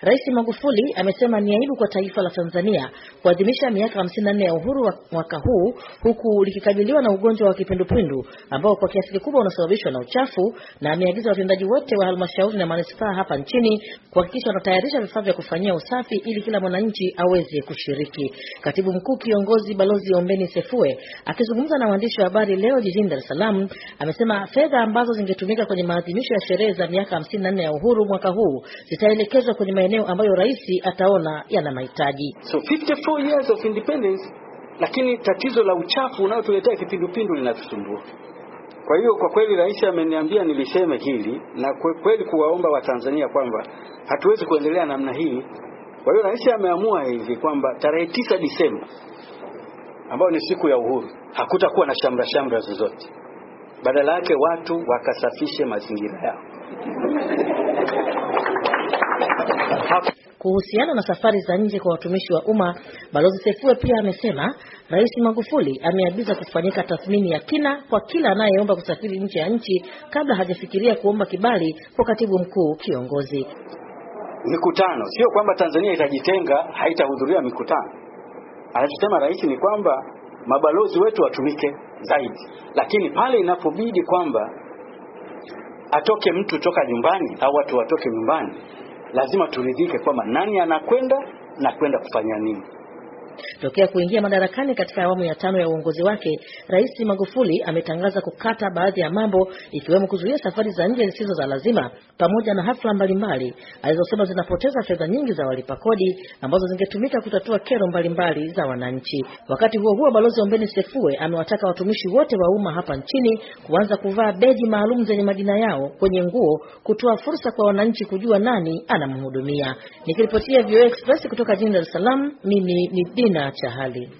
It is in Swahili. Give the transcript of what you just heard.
Rais Magufuli amesema ni aibu kwa taifa la Tanzania kuadhimisha miaka 54 ya uhuru wa mwaka huu huku likikabiliwa na ugonjwa wa kipindupindu ambao kwa kiasi kikubwa unasababishwa na uchafu, na ameagiza watendaji wote wa halmashauri na manispaa hapa nchini kuhakikisha wanatayarisha vifaa vya kufanyia usafi ili kila mwananchi aweze kushiriki. Katibu mkuu kiongozi Balozi Ombeni Sefue akizungumza na waandishi wa habari leo jijini Dar es Salaam amesema fedha ambazo zingetumika kwenye maadhimisho ya sherehe za miaka 54 ya uhuru mwaka huu zitaelekezwa kwenye maeneo ambayo rais ataona yana mahitaji. So 54 years of independence, lakini tatizo la uchafu unaotuletea kipindupindu linatusumbua. Kwa hiyo kwa kweli rais ameniambia niliseme hili na kwa kweli kuwaomba Watanzania kwamba hatuwezi kuendelea namna hii. Kwa hiyo rais ameamua hivi kwamba tarehe tisa Disemba ambayo ni siku ya uhuru hakutakuwa na shamra shamra zozote, badala yake watu wakasafishe mazingira yao. Kuhusiana na safari za nje kwa watumishi wa umma, Balozi Sefue pia amesema Rais Magufuli ameagiza kufanyika tathmini ya kina kwa kila anayeomba kusafiri nje ya nchi kabla hajafikiria kuomba kibali kwa katibu mkuu kiongozi. Mikutano sio kwamba Tanzania itajitenga, haitahudhuria mikutano. Anachosema rais ni kwamba mabalozi wetu watumike zaidi, lakini pale inapobidi kwamba atoke mtu toka nyumbani au watu watoke nyumbani lazima turidhike kwamba nani anakwenda na kwenda kufanya nini. Tokea kuingia madarakani katika awamu ya tano ya uongozi wake, Rais Magufuli ametangaza kukata baadhi ya mambo ikiwemo kuzuia safari za nje zisizo za lazima pamoja na hafla mbalimbali alizosema zinapoteza fedha nyingi za walipa kodi ambazo zingetumika kutatua kero mbalimbali mbali za wananchi. Wakati huo huo, Balozi Ombeni Sefue amewataka watumishi wote wa umma hapa nchini kuanza kuvaa beji maalum zenye majina yao kwenye nguo kutoa fursa kwa wananchi kujua nani anamhudumia. Nikiripotia VOA Express kutoka jijini Dar es Salaam, mimi ni na cha hali